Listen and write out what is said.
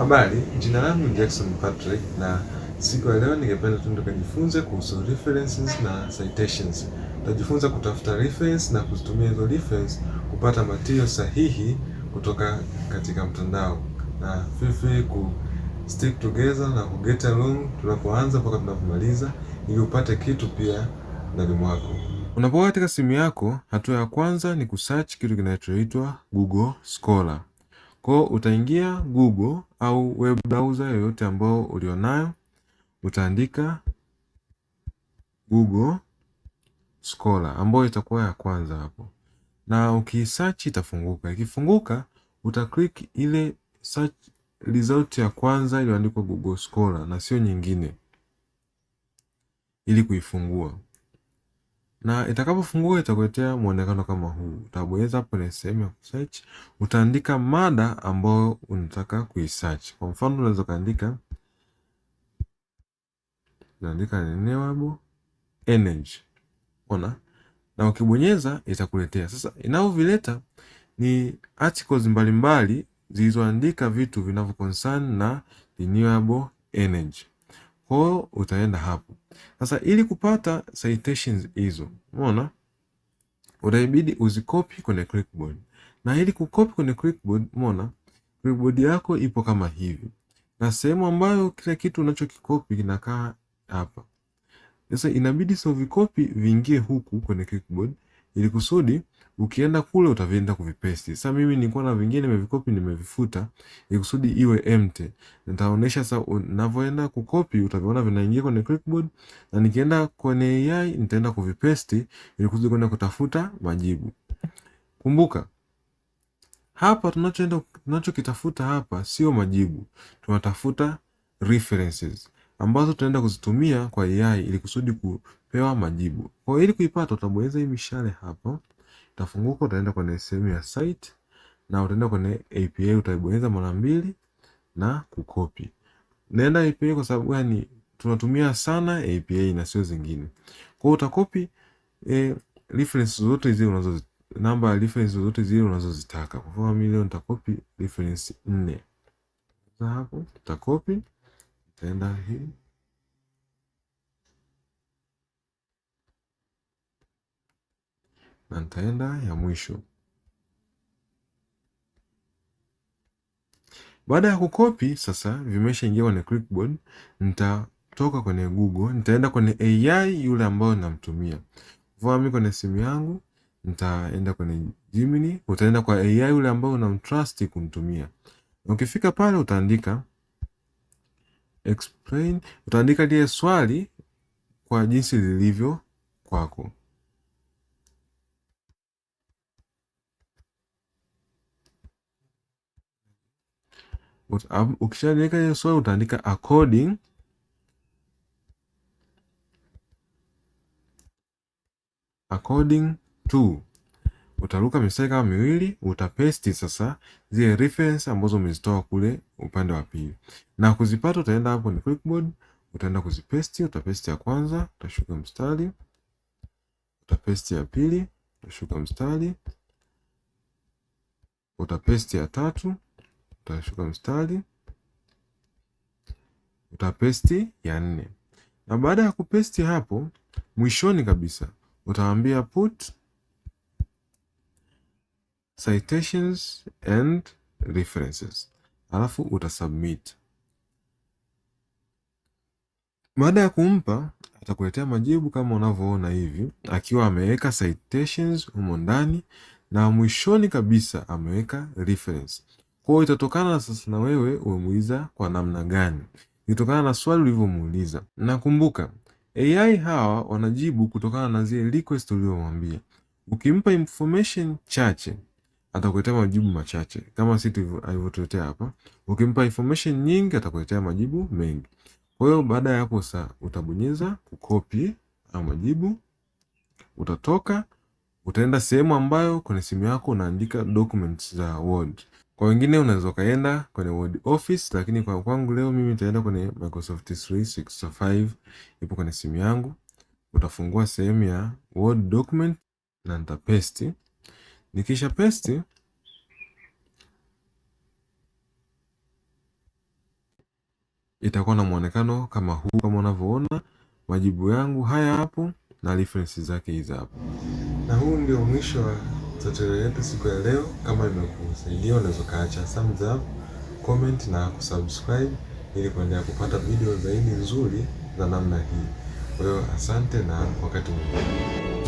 Habari, jina langu ni Jackson Patrick na siku ya leo ningependa tu tukajifunze kuhusu references na citations. Tutajifunza kutafuta reference na kuzitumia hizo reference kupata material sahihi kutoka katika mtandao. Na feel free ku stick together na ku get along tunapoanza mpaka tunapomaliza ili upate kitu pia na elimu yako. Unapokuwa katika simu yako, hatua ya kwanza ni kusearch kitu kinachoitwa Google Scholar. Kwa utaingia Google au web browser yoyote ambao ulionayo, utaandika Google Scholar ambayo itakuwa ya kwanza hapo, na ukisearch itafunguka. Ikifunguka utaclick ile search result ya kwanza iliyoandikwa Google Scholar na sio nyingine, ili kuifungua na itakapofungua itakuletea mwonekano kama huu. Utabonyeza hapo kwenye sehemu ya kusearch, utaandika mada ambayo unataka kuisearch. Kwa mfano unaweza kaandika unaandika renewable energy, ona, na ukibonyeza itakuletea sasa. inavyovileta ni articles mbalimbali zilizoandika vitu vinavyo concern na renewable energy. Kwa hiyo utaenda hapo sasa, ili kupata citations hizo, umeona, unaibidi uzikopi kwenye clipboard, na ili kukopi kwenye clipboard, umeona clipboard yako ipo kama hivi, na sehemu ambayo kila kitu unachokikopi kinakaa hapa. Sasa inabidi sio vikopi viingie huku kwenye clipboard ili kusudi Ukienda kule utavienda kuvipesti. Sasa mimi nilikuwa na vingine nimevikopi nimevifuta ikusudi iwe empty. Nitaonesha sasa ninavyoenda kukopi utaviona vinaingia kwenye clipboard na nikienda kwenye AI nitaenda kuvipesti ili kuja kwenda kutafuta majibu. Kumbuka hapa tunachoenda tunachokitafuta hapa sio majibu. Tunatafuta references ambazo tunaenda kuzitumia kwa AI ili kusudi kupewa majibu. Kwa hiyo ili kuipata utabonyeza hii mishale hapa. Utafunguka, utaenda kwenye sehemu ya site na utaenda kwenye API, utaibonyeza mara mbili na kukopi. Naenda API kwa sababu gani? Tunatumia sana API na sio zingine. Kwa hiyo utakopi e, reference zote zile unazo namba ya reference zote zile unazozitaka. Kwa mfano mimi leo nitakopi reference 4. Sasa hapo tutakopi, tutaenda hii na nitaenda ya mwisho. Baada ya kukopi sasa, vimeshaingia kwenye clipboard, nitatoka kwenye Google, nitaenda kwenye AI yule ambayo namtumia. Kwa mimi kwenye simu yangu nitaenda kwenye Gemini, utaenda kwa AI yule ambayo unamtrust kumtumia. Ukifika pale utaandika explain, utaandika lile swali kwa jinsi lilivyo kwako. ukishaandika hiyo swali utaandika according according to utaruka mistari kama miwili, utapesti sasa zile reference ambazo umezitoa kule upande wa pili, na kuzipata utaenda hapo ni clipboard, utaenda kuzipesti. Utapesti ya kwanza, utashuka mstari, utapesti ya pili, utashuka mstari, utapesti ya tatu utashuka mstari utapesti ya nne, na baada ya kupesti hapo mwishoni kabisa utaambia put citations and references, alafu utasubmit. Baada ya kumpa atakuletea majibu kama unavyoona hivi, akiwa ameweka citations humo ndani na mwishoni kabisa ameweka reference. Kwa hiyo itatokana sasa na wewe umemuuliza kwa namna gani, itokana na swali ulivyomuuliza. Nakumbuka AI hawa wanajibu kutokana na zile request uliomwambia. Ukimpa information chache atakuletea majibu machache, kama si alivyotuletea hapa. Ukimpa information nyingi atakuletea majibu mengi. Kwa hiyo baada ya hapo sasa, utabonyeza kukopi au majibu, utatoka utaenda sehemu ambayo kwenye simu yako unaandika documents za Word. Kwa wengine unaweza ukaenda kwenye Word Office, lakini kwa kwangu leo mimi nitaenda kwenye Microsoft 365 ipo kwenye simu yangu. Utafungua sehemu ya Word document na paste. Nikisha paste itakuwa na mwonekano kama huu, kama unavyoona majibu yangu haya hapo na references zake hizi hapo, na huu ndio mwisho wa tutorial yetu siku ya leo. Kama imekusaidia, unaweza kaacha thumbs up, comment na kusubscribe ili kuendelea kupata video zaidi nzuri za namna hii. Kwa hiyo asante na wakati mwingine.